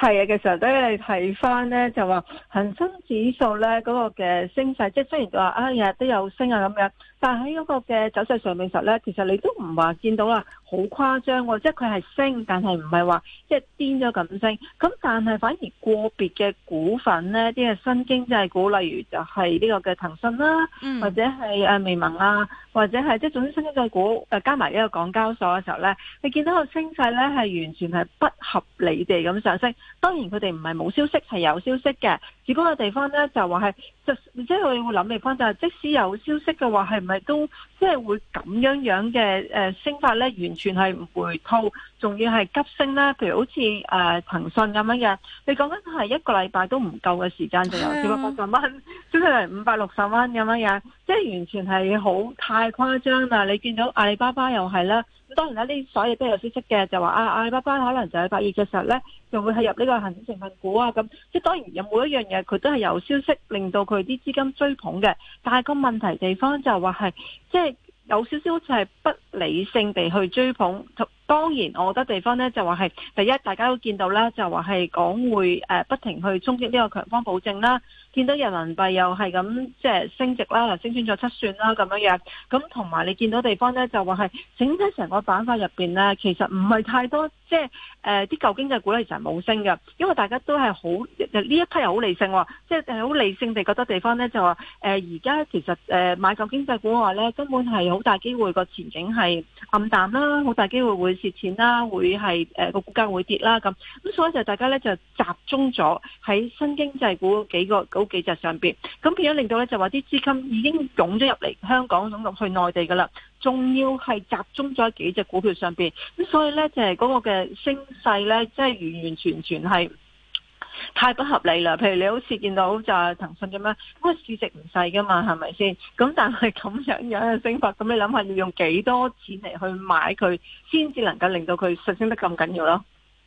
係啊，其實都係睇翻咧，就話恆生指數咧嗰個嘅升勢，即係雖然話啊，日日都有升啊咁樣。但喺嗰個嘅走勢上面時候咧，其實你都唔話見到啦，好誇張喎，即係佢係升，但係唔係話即係癲咗咁升。咁但係反而個別嘅股份咧，啲係新經濟股，例如就係呢個嘅騰訊啦，或者係誒微盟啊，或者係即係總之新經濟股，誒加埋呢個港交所嘅時候咧，你見到個升勢咧係完全係不合理地咁上升。當然佢哋唔係冇消息，係有消息嘅。只不過地方咧就話係，即係我哋會諗地方就係、是，即使有消息嘅話係。係都即係會咁樣樣嘅誒、呃、升法咧，完全係唔回吐，仲要係急升啦。譬如好似誒騰訊咁樣樣，你講緊係一個禮拜都唔夠嘅時間就有四百八十蚊，即係五百六十蚊咁樣樣。即係完全係好太誇張啦！你見到阿里巴巴又係啦，咁當然啦，啲所有都有消息嘅，就話啊阿里巴巴可能就係八月嘅時候呢，就會係入呢個恒生成分股啊咁。即係當然有每一樣嘢，佢都係有消息令到佢啲資金追捧嘅，但係個問題地方就話係即係有少少就係不理性地去追捧。當然，我覺得地方呢就話係第一，大家都見到啦，就話係港匯誒不停去衝擊呢個強方保證啦，見到人民幣又係咁即係升值啦，升穿咗七算啦咁樣樣。咁同埋你見到地方呢，就話係整體成個板塊入面呢，其實唔係太多即係誒啲舊經濟股咧，其實冇升嘅，因為大家都係好呢一批又好理性，即係好理性地覺得地方呢，就話誒而家其實誒、呃、買舊經濟股話呢，根本係好大機會個前景係暗淡啦，好大機會會。蝕錢啦，會係誒個股價會跌啦咁，咁所以就大家咧就集中咗喺新經濟股幾個嗰幾隻上邊，咁變咗令到咧就話啲資金已經湧咗入嚟香港，湧入去內地噶啦，仲要係集中咗幾隻股票上邊，咁所以咧就係、是、嗰個嘅升勢咧，即係完完全全係。太不合理啦！譬如你好似見到就係騰訊咁樣，咁個市值唔細噶嘛，係咪先？咁但係咁樣樣嘅升法，咁你諗下要用幾多錢嚟去買佢，先至能夠令到佢上升得咁緊要咯？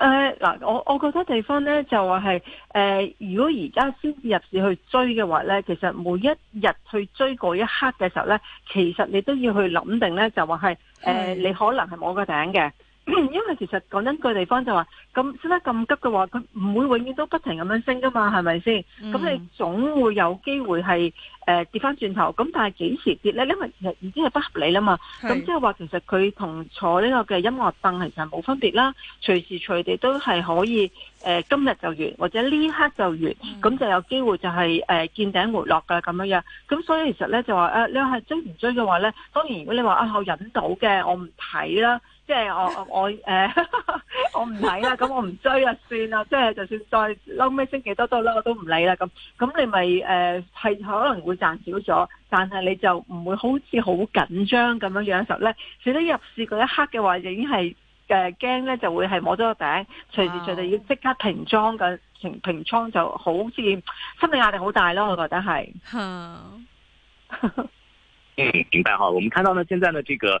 誒，嗱，我我覺得地方咧就話係，誒、呃，如果而家先入市去追嘅話咧，其實每一日去追嗰一刻嘅時候咧，其實你都要去諗定咧，就話係，誒、呃，你可能係冇個頂嘅，因為其實講真個地方就話。咁先得咁急嘅話，佢唔會永遠都不停咁樣升噶嘛，係咪先？咁、嗯、你總會有機會係誒、呃、跌翻轉頭。咁但係幾時跌咧？因為其實已經係不合理啦嘛。咁即係話其實佢同坐呢個嘅音樂凳其實係冇分別啦。隨時隨地都係可以誒、呃，今日就完或者呢刻就完，咁、嗯、就有機會就係、是、誒、呃、見頂回落噶咁樣樣。咁所以其實咧就話誒、呃，你係追唔追嘅話咧？當然如果你話啊我引到嘅，我唔睇啦。即、就、係、是、我我我誒。呃 我唔睇啦，咁我唔追啦，算啦，即係就算再後尾升幾多多啦，我都唔理啦。咁咁你咪誒係可能會賺少咗，但係你就唔會好似好緊張咁樣樣。實咧，只得入市嗰一刻嘅話，已經係誒驚咧，呃、就會係摸咗個頂，隨時隨地要即刻平倉嘅平平倉，停停就好似心理壓力好大咯。我覺得係。 嗯，明白，好我們看到呢，現在呢，這個。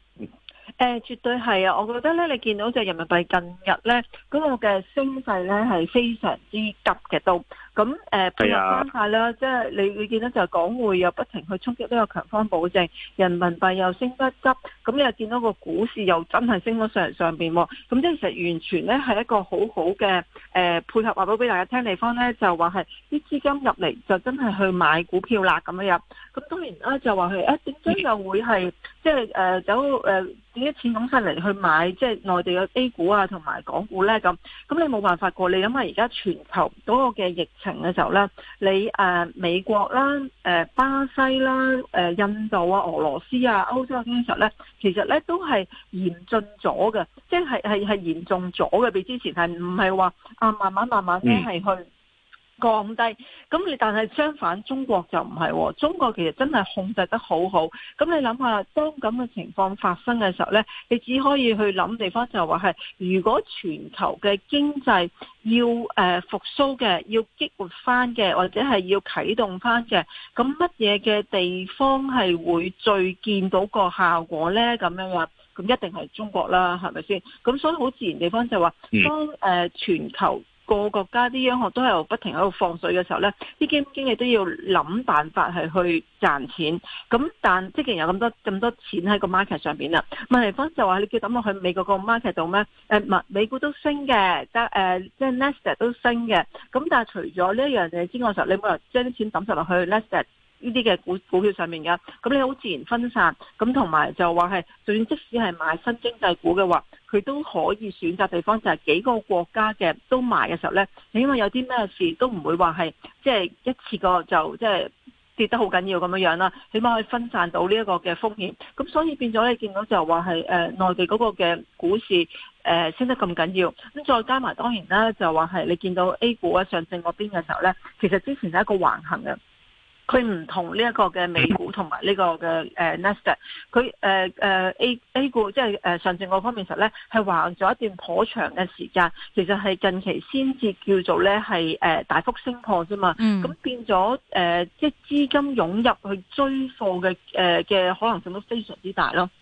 誒、呃，絕對係啊！我覺得咧，你見到就人民幣近日咧嗰、那個嘅升勢咧係非常之急嘅都。咁誒、呃哎、配合翻下啦，即係你會見到就港匯又不停去衝擊呢個強方保證，人民幣又升得急，咁你又見到個股市又真係升到上上面喎、啊。咁即係其實完全咧係一個好好嘅誒配合話到俾大家聽地方咧，就話係啲資金入嚟就真係去買股票啦咁樣。咁當然啦、啊，就話佢誒點樣就會係即係誒走誒自己錢咁翻嚟去買即係、就是、內地嘅 A 股啊同埋港股咧咁。咁你冇辦法過，你諗下而家全球嗰個嘅疫情嘅時候咧，你誒、呃、美國啦、誒、呃、巴西啦、誒、呃、印度啊、俄羅斯啊、歐洲嘅時候咧，其實咧都係嚴峻咗嘅，即係係係嚴重咗嘅，比之前係唔係話啊慢慢慢慢咧係去，嗯降低，咁你，但係相反，中國就唔係、哦，中國其實真係控制得好好。咁你諗下，當咁嘅情況發生嘅時候呢，你只可以去諗地方就話、是、係，如果全球嘅經濟要誒復甦嘅，要激活翻嘅，或者係要啟動翻嘅，咁乜嘢嘅地方係會最見到個效果呢？咁樣話咁一定係中國啦，係咪先？咁所以好自然地方就話、是，當誒、呃、全球。個國家啲央行都係不停喺度放水嘅時候咧，啲經經濟都要諗辦法係去賺錢。咁但即係有咁多咁多錢喺個 market 上邊啦。問題方就話你叫抌落去美國個 market 度咩？誒、呃、唔係美股都升嘅，得誒即係 nestle 都升嘅。咁但係除咗呢一樣嘢之外嘅時候，你冇人將啲錢抌晒落去 nestle。呢啲嘅股股票上面嘅，咁你好自然分散，咁同埋就話係，就算即使係買新經濟股嘅話，佢都可以選擇地方就係幾個國家嘅都賣嘅時候呢，起碼有啲咩事都唔會話係即係一次過就即係、就是、跌得好緊要咁樣啦，起碼可以分散到呢一個嘅風險。咁所以變咗你見到就話係誒內地嗰個嘅股市誒、呃、升得咁緊要，咁再加埋當然啦，就話係你見到 A 股啊上證嗰邊嘅時候呢，其實之前係一個橫行嘅。佢唔同呢一個嘅美股同埋呢個嘅 Nasdaq 佢誒 A A 股即係上證個方面實咧係橫咗一段頗長嘅時間，其實係近期先至叫做咧係誒大幅升破啫嘛，咁、嗯、變咗誒即係資金湧入去追貨嘅誒嘅可能性都非常之大咯。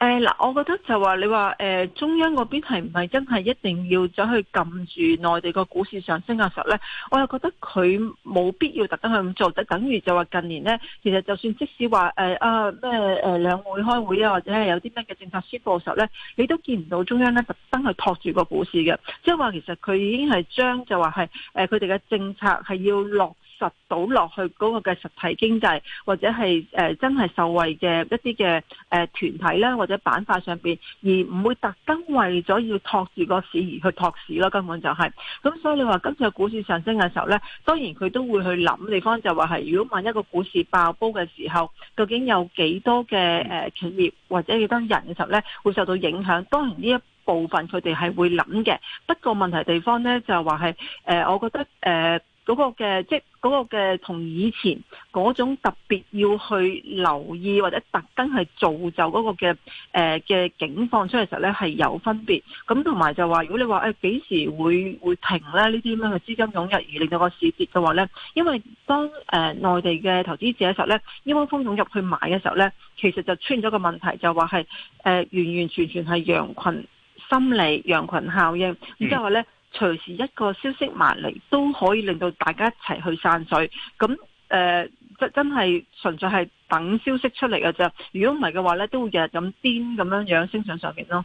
誒，嗱，我覺得就話你話，誒、呃，中央嗰邊係唔係真係一定要走去撳住內地個股市上升嘅時候咧？我又覺得佢冇必要特登去咁做，就等於就話近年咧，其實就算即使話誒、呃、啊咩誒、呃、兩會開會啊，或者係有啲咩嘅政策宣布嘅時候咧，你都見唔到中央咧特登去托住個股市嘅，即係話其實佢已經係將就話係，誒、呃，佢哋嘅政策係要落。倒落去嗰個嘅實體經濟，或者係誒、呃、真係受惠嘅一啲嘅誒團體咧，或者板塊上邊，而唔會特登為咗要托住個市而去托市咯，根本就係、是。咁所以你話今次嘅股市上升嘅時候咧，當然佢都會去諗地方就是說是，就話係如果萬一,一個股市爆煲嘅時候，究竟有幾多嘅誒、呃、企業或者幾多人嘅時候咧，會受到影響？當然呢一部分佢哋係會諗嘅，不過問題的地方咧就話係誒，我覺得誒。呃嗰、那個嘅即嗰嘅同以前嗰種特別要去留意或者特登係造就嗰個嘅誒嘅警放出嚟時候咧係有分別，咁同埋就話如果你話誒幾時會會停咧呢啲咁樣嘅資金湧入而令到個市跌嘅話咧，因為當誒內、呃、地嘅投資者嘅時候咧，一窩蜂湧入去買嘅時候咧，其實就出現咗個問題，就話係誒完完全全係羊群心理、羊群效應，然之後咧。嗯隨時一個消息埋嚟都可以令到大家一齊去散水，咁誒、即、呃、真係純粹係等消息出嚟嘅啫。如果唔係嘅話呢都會日日咁癲咁樣樣升上上面咯。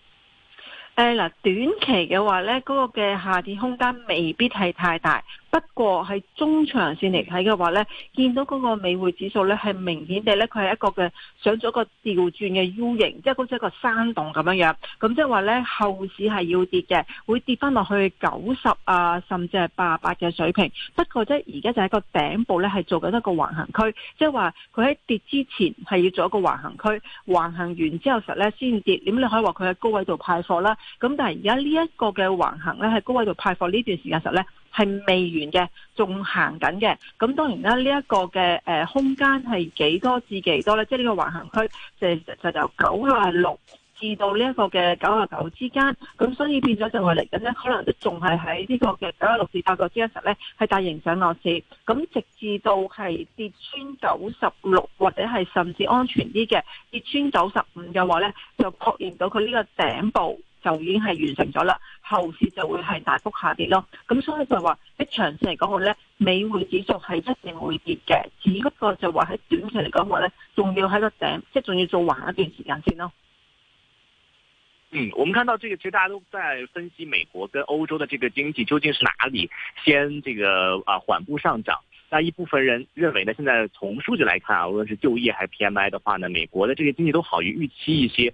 誒，嗱，短期嘅話咧，嗰個嘅下跌空間未必係太大。不過係中長線嚟睇嘅話呢，見到嗰個美匯指數呢，係明顯地呢，佢係一個嘅上咗個調轉嘅 U 型，即係好似一個山洞咁樣樣。咁即係話呢，後市係要跌嘅，會跌翻落去九十啊，甚至係八八嘅水平。不過即係而家就喺個頂部呢，係做緊一個橫行區，即係話佢喺跌之前係要做一個橫行區，橫行完之後實呢，先跌。咁你可以話佢喺高位度派貨啦？咁但係而家呢一個嘅橫行呢，喺高位度派貨呢段時間實呢。係未完嘅，仲行緊嘅。咁當然啦，呢一個嘅誒空間係幾多至幾多呢？即係呢個橫行區，就就由九十六至到呢一個嘅九十九之間。咁所以變咗就係嚟緊呢，可能都仲係喺呢個嘅九十六至九十九之間呢，係大型上落市。咁直至到係跌穿九十六，或者係甚至安全啲嘅跌穿九十五嘅話呢，就確認到佢呢個頂部。就已經係完成咗啦，後市就會係大幅下跌咯。咁所以就係話喺長線嚟講，我咧美匯指數係一定會跌嘅。只不過就話喺短期嚟講的話，我咧仲要喺個頂，即係仲要做橫一段時間先咯。嗯，我們看到這個其實大家都在分析美國跟歐洲的這個經濟究竟是哪裏先這個啊緩步上漲？那一部分人認為呢？現在從數據來看啊，無論是就業還是 PMI 的話呢，美國的這個經濟都好於預期一些。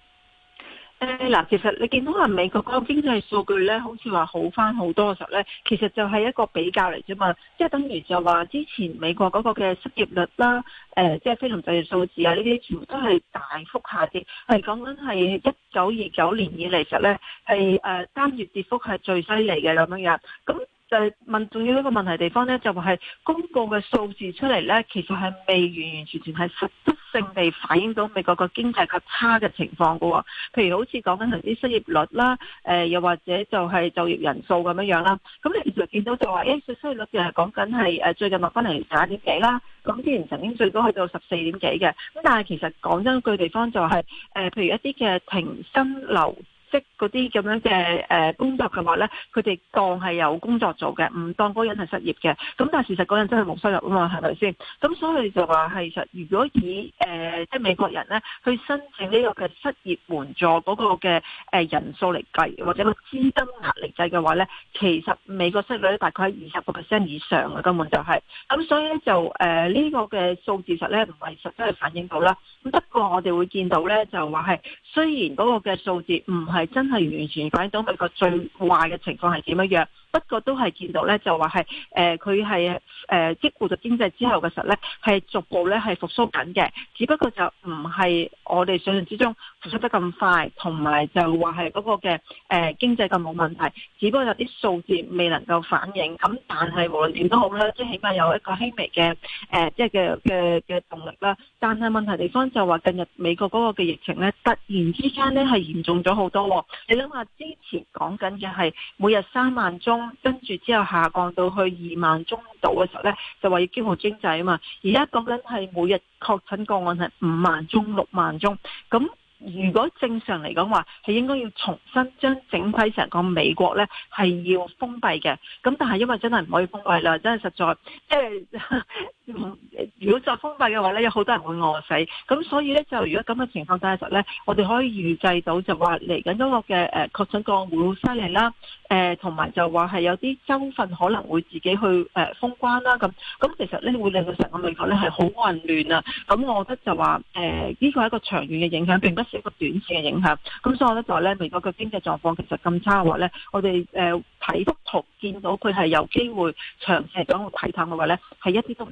誒，嗱，其實你見到美國嗰個經濟數據咧，好似話好翻好多嘅時候咧，其實就係一個比較嚟啫嘛，即、就、係、是、等於就話之前美國嗰個嘅失業率啦，誒、呃，即、就、係、是、非農就業數字啊，呢啲全部都係大幅下跌，係講緊係一九二九年以嚟實咧係誒單月跌幅係最犀利嘅咁樣樣。咁就問仲要一個問題地方咧，就係公告嘅數字出嚟咧，其實係未完完全全係實。正被反映到美國個經濟較差嘅情況嘅喎，譬如好似講緊啲失業率啦，誒、呃、又或者就係就業人數咁樣樣啦，咁你其實見到就話誒、欸、失業率又係講緊係誒最近落翻嚟廿點幾啦，咁之前曾經最高多去到十四點幾嘅，咁但係其實講真句地方就係、是、誒、呃，譬如一啲嘅停薪留。即嗰啲咁樣嘅誒工作嘅話咧，佢哋當係有工作做嘅，唔當嗰人係失業嘅。咁但係事實嗰人真係冇收入啊嘛，係咪先？咁所以就話係，其實如果以誒、呃、即係美國人咧去申請呢個嘅失業援助嗰個嘅誒人數嚟計，或者個資金壓力計嘅話咧，其實美國失率大概係二十個 percent 以上嘅，根本就係、是。咁所以咧就誒呢、呃這個嘅數字實咧唔係實質去反映到啦。咁不過我哋會見到咧就話係，雖然嗰個嘅數字唔係。係真係完全反映到佢個最壞嘅情況係點樣樣。不過都係見到咧，就話係誒，佢係誒，激活咗經濟之後嘅實咧，係逐步咧係復蘇緊嘅。只不過就唔係我哋想象之中復蘇得咁快，同埋就話係嗰個嘅誒、呃、經濟咁冇問題。只不過有啲數字未能夠反映。咁但係無論點都好啦，即係起碼有一個輕微嘅誒、呃，即係嘅嘅嘅動力啦。但係問題地方就話近日美國嗰個嘅疫情咧，突然之間咧係嚴重咗好多、哦。你諗下之前講緊嘅係每日三萬宗。跟住之後下降到去二萬宗度嘅時候呢，就話要保護經濟啊嘛。而家講緊係每日確診個案係五萬宗、六萬宗。咁如果正常嚟講話，係應該要重新將整批成個美國呢係要封閉嘅。咁但係因為真係唔可以封閉啦，真係實在即係。嗯 如果再封閉嘅話咧，有好多人會餓死，咁所以咧就如果咁嘅情況底下實咧，我哋可以預計到就話嚟緊嗰個嘅誒確診個案會好犀利啦，誒同埋就話係有啲州份可能會自己去誒封關啦咁，咁其實咧會令到成個美國咧係好混亂啊，咁我覺得就話誒呢個係一個長遠嘅影響，並不是一個短線嘅影響，咁所以我覺得就係咧美國嘅經濟狀況其實咁差嘅話咧，我哋誒睇幅圖見到佢係有機會長期嚟講去睇淡嘅話咧，係一啲都唔。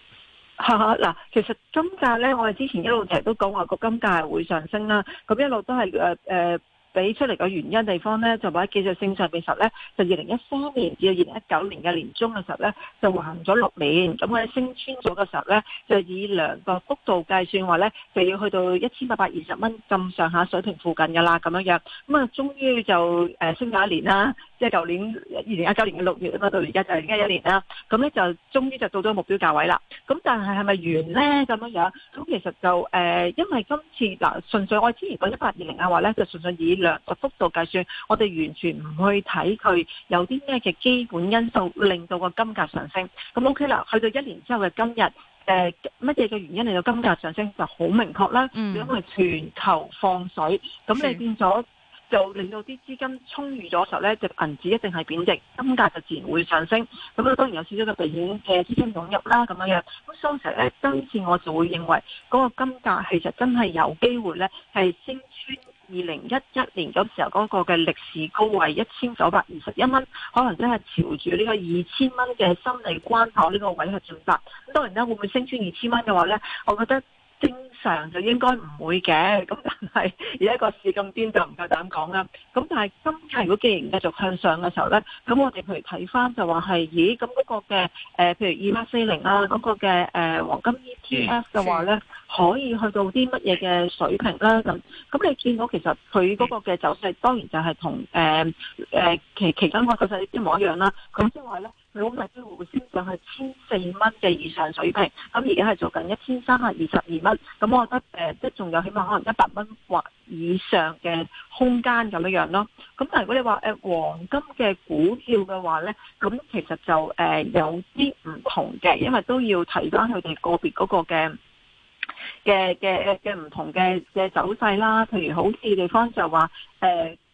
嚇嗱， 其實金價咧，我哋之前一路成日都講話個金價係會上升啦，咁一路都係誒誒。呃呃俾出嚟嘅原因地方咧，就話技術性上嘅時候咧，就二零一三年至二零一九年嘅年中嘅時候咧，就橫咗六年，咁佢升穿咗嘅時候咧，就以兩個幅度計算話咧，就要去到一千八百二十蚊咁上下水平附近嘅啦，咁樣樣，咁啊，終、呃、於就誒升咗一年啦，即係舊年二零一九年嘅六月啊嘛，到而家就已經一年啦，咁咧就終於就到咗目標價位啦，咁但係係咪完咧咁樣樣？咁其實就誒、呃，因為今次嗱，純、呃、粹我之前講一八二零話咧，就純粹以量個幅度計算，我哋完全唔去睇佢有啲咩嘅基本因素令到個金價上升。咁 OK 啦，去到一年之後嘅今日，誒乜嘢嘅原因令到金價上升就好明確啦，因為全球放水，咁、嗯、你變咗就令到啲資金充裕咗時候咧，隻銀紙一定係貶值，金價就自然會上升。咁啊當然有少少嘅避險嘅資金湧入啦，咁樣樣。咁通常咧今次我就會認為嗰個金價其實真係有機會咧係升穿。二零一一年嗰時候嗰個嘅歷史高位一千九百二十一蚊，可能真係朝住呢個二千蚊嘅心理關口呢個位去進發。咁當然啦，會唔會升穿二千蚊嘅話呢？我覺得。正常就應該唔會嘅，咁但係而家個市咁癲就唔夠膽講啦。咁但係今期如果既然繼續向上嘅時候咧，咁我哋譬如睇翻就話係，咦咁嗰個嘅、呃、譬如二八四零啦，嗰個嘅誒黃金 ETF 嘅話咧，可以去到啲乜嘢嘅水平啦。咁咁你見到其實佢嗰個嘅走勢當然就係同誒期期間個走勢一模一樣啦。咁即係話呢。佢好大機會會升上係千四蚊嘅以上水平，咁而家係做緊一千三百二十二蚊，咁我覺得即係仲、呃、有起碼可能一百蚊或以上嘅空間咁樣樣咯。咁但係如果你話、呃、黃金嘅股票嘅話咧，咁其實就誒、呃、有啲唔同嘅，因為都要提翻佢哋個別嗰個嘅嘅嘅嘅唔同嘅嘅走勢啦。譬如好似地方就話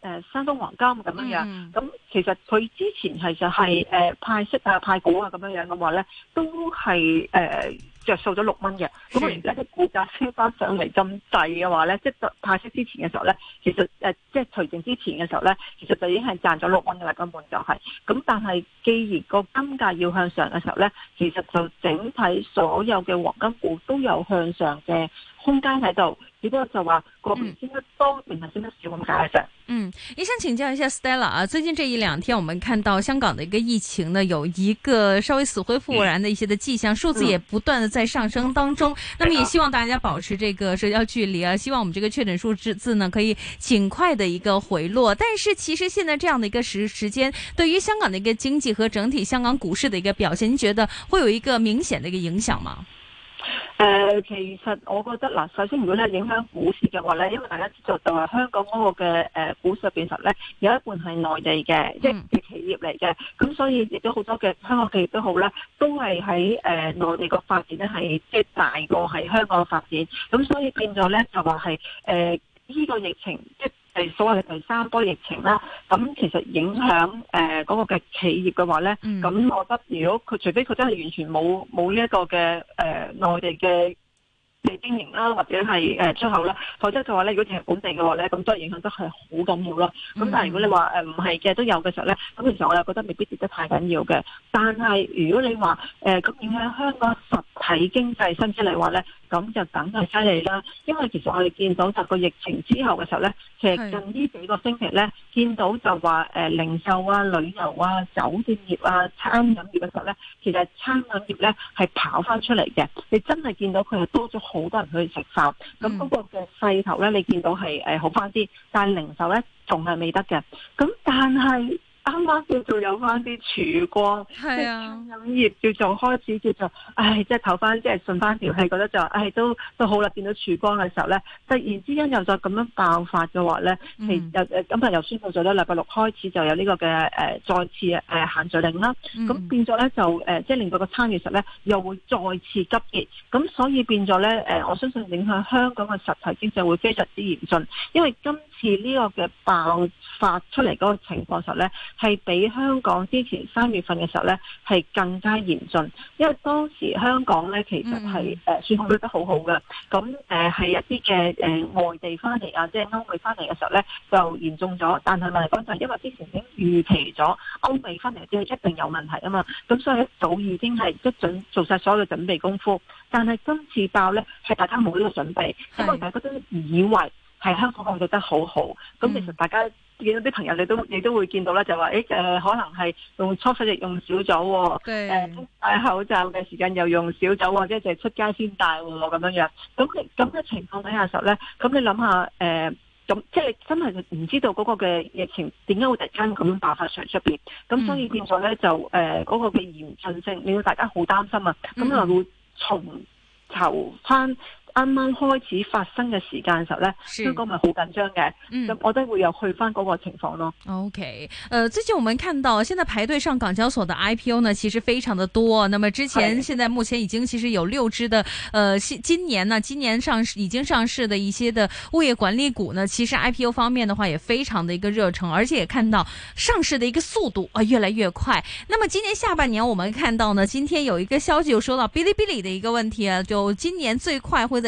誒、呃，山東黃金咁樣樣，咁、mm -hmm. 其實佢之前係就係、是、誒、呃、派息啊派股啊咁樣樣嘅話咧，都係誒着數咗六蚊嘅。咁而家個股價升翻上嚟咁滯嘅話咧，即、就、係、是、派息之前嘅時候咧，其實誒即係除淨之前嘅時候咧，其實就已經係賺咗六蚊噶啦根本就係、是。咁但係既然個金價要向上嘅時候咧，其實就整體所有嘅黃金股都有向上嘅空間喺度。只不過就話個別升得多定係升得少咁解釋。嗯，也想請教一下 Stella 啊，最近這一兩天，我們看到香港的一個疫情呢，有一個稍微死灰復燃的一些的跡象，數字也不斷的在上升當中，嗯。那麼也希望大家保持這個社交距離啊，希望我們這個確診數字字呢，可以盡快的一個回落。但是其實現在這樣的一個時時間，對於香港的一個經濟和整體香港股市的一個表現，您覺得會有一個明顯的一個影響嗎？誒、呃，其實我覺得嗱，首先如果咧影響股市嘅話咧，因為大家知道就係、是、香港嗰個嘅誒股市入面其實咧，有一半係內地嘅、嗯，即係企業嚟嘅，咁所以亦都好多嘅香港企業都好啦，都係喺誒內地個發展咧係即係大過喺香港個發展，咁所以變咗咧就話係誒呢個疫情。所謂嘅第三波疫情啦，咁其實影響誒嗰個嘅企業嘅話咧，咁、嗯、我覺得如果佢除非佢真係完全冇冇呢一個嘅誒內地嘅經營啦，或者係誒出口啦，否則就話咧，如果淨係本地嘅話咧，咁都係影響得係好緊要囉。咁、mm. 但係如果你話誒唔係嘅都有嘅時候咧，咁其實我又覺得未必跌得太緊要嘅。但係如果你話誒咁影響香港實體經濟，甚至嚟話咧，咁就梗係犀利啦。因為其實我哋見到就個疫情之後嘅時候咧，其實近呢幾個星期咧，見到就話誒、呃、零售啊、旅遊啊、酒店業啊、餐飲業嘅時候咧，其實餐飲業咧係跑翻出嚟嘅。你真係見到佢係多咗好。好多人去食飯，咁嗰個嘅勢頭咧，你見到係誒好翻啲，但係零售咧仲係未得嘅，咁但係。啱啱叫做有翻啲曙光，即係餐飲業叫做開始叫做，唉、哎，即係投翻即係順翻條氣，覺得就唉、哎、都都好啦，變到曙光嘅時候咧，突然之間又再咁樣爆發嘅話咧、嗯，其實誒今日又宣布咗啦，禮拜六開始就有呢個嘅誒、呃、再次誒、呃、限聚令啦，咁、嗯、變咗咧就誒、呃、即係令到個餐飲業咧又會再次急結，咁所以變咗咧誒，我相信影響香港嘅實體經濟會非常之嚴峻，因為今。似呢個嘅爆發出嚟嗰個情況嘅時候咧，係比香港之前三月份嘅時候咧係更加嚴峻，因為當時香港咧其實係誒、嗯、算控做得好好嘅，咁誒係一啲嘅誒外地翻嚟啊，即係歐美翻嚟嘅時候咧就嚴重咗，但係問題講就係因為之前已經預期咗歐美翻嚟之後一定有問題啊嘛，咁所以一早已經係一準做晒所有嘅準備功夫，但係今次爆咧係大家冇呢個準備，因為大家都以為。係香港控制得好好，咁其實大家見到啲朋友你都你都會見到啦，就話誒誒、呃，可能係用搓手液用少咗，誒、呃、戴口罩嘅時間又用少咗，或者就出街先戴咁樣樣。咁嘅咁嘅情況底下時候咧，咁、嗯、你諗下誒，咁、呃、即係真係唔知道嗰個嘅疫情點解會突然間咁爆發上出邊，咁、嗯、所以變咗咧就誒嗰、呃那個嘅嚴峻性令到大家好擔心啊，咁、嗯、啊會重籌翻。啱啱開始發生嘅時間嘅時候呢，香港咪好緊張嘅，咁、嗯、我都會有去翻嗰個情況咯。O K，誒，最近我們看到，現在排隊上港交所的 I P O 呢，其實非常的多。那麼之前、現在、目前已經，其實有六支的，誒、呃，新今年呢、啊，今年上市已經上市的一些的物業管理股呢，其實 I P O 方面的話也非常的一個熱誠，而且也看到上市的一個速度啊，越來越快。那麼今年下半年，我們看到呢，今天有一個消息，就說到嗶哩嗶哩的一個問題、啊，就今年最快會在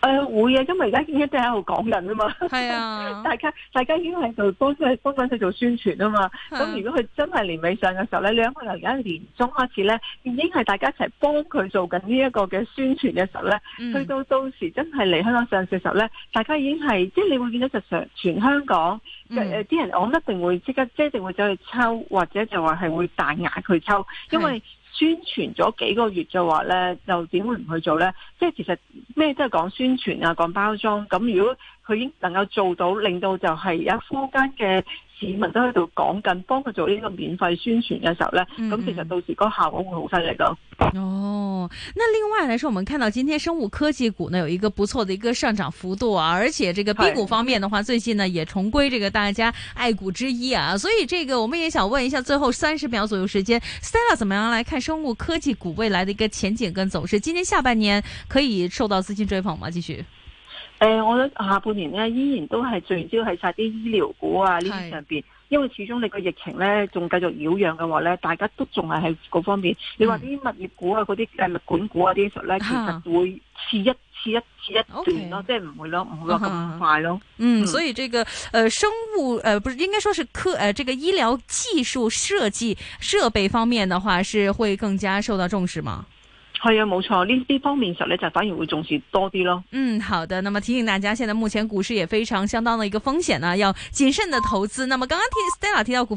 誒、呃、會啊，因為而家已經即喺度講緊啊嘛，啊 大家大家已經喺度幫佢幫緊佢做宣傳啊嘛。咁如果佢真係年尾上嘅時候咧，你諗可能而家年中開始咧，已經係大家一齊幫佢做緊呢一個嘅宣傳嘅時候咧，去到到時真係嚟香港上市嘅時候咧，大家已經係、啊嗯、即係你會見到就上全香港誒誒啲人，我唔一定會刻即刻即一定會走去抽，或者就話係會大額佢抽，因為。宣傳咗幾個月嘅話就話呢，又點會唔去做呢？即係其實咩都係講宣傳啊，講包裝。咁如果，佢已經能夠做到，令到就係有附近嘅市民都喺度講緊，幫佢做呢個免費宣傳嘅時候呢。咁、嗯、其實到時個效果會好犀利㗎。哦，那另外嚟說，我們看到今天生物科技股呢有一個不錯的一個上漲幅度啊，而且這個 B 股方面的話，最近呢也重歸這個大家愛股之一啊，所以這個我們也想問一下，最後三十秒左右時間，Stella 怎麼樣來看生物科技股未來的一個前景跟走勢？今年下半年可以受到資金追捧嗎？繼續。誒、呃，我覺得下半年咧，依然都係聚焦喺晒啲醫療股啊呢啲上邊，因為始終你個疫情咧仲繼續擾攘嘅話咧，大家都仲係喺各方面。嗯、你話啲物業股啊、嗰啲誒物管股啊啲術咧，其實會似一,一次一次一段、啊 okay、不不咯，即係唔會咯，唔會話咁快咯。嗯，所以這個誒、呃、生物誒、呃，不是應該說是科誒、呃，這個醫療技術設計設備方面的話，是會更加受到重視嗎？係啊，冇錯，呢呢方面實咧就反而會重視多啲咯。嗯，好的，那麼提醒大家，現在目前股市也非常相當的一個風險啊，要謹慎的投資。那麼剛剛聽 Stella 提到股份。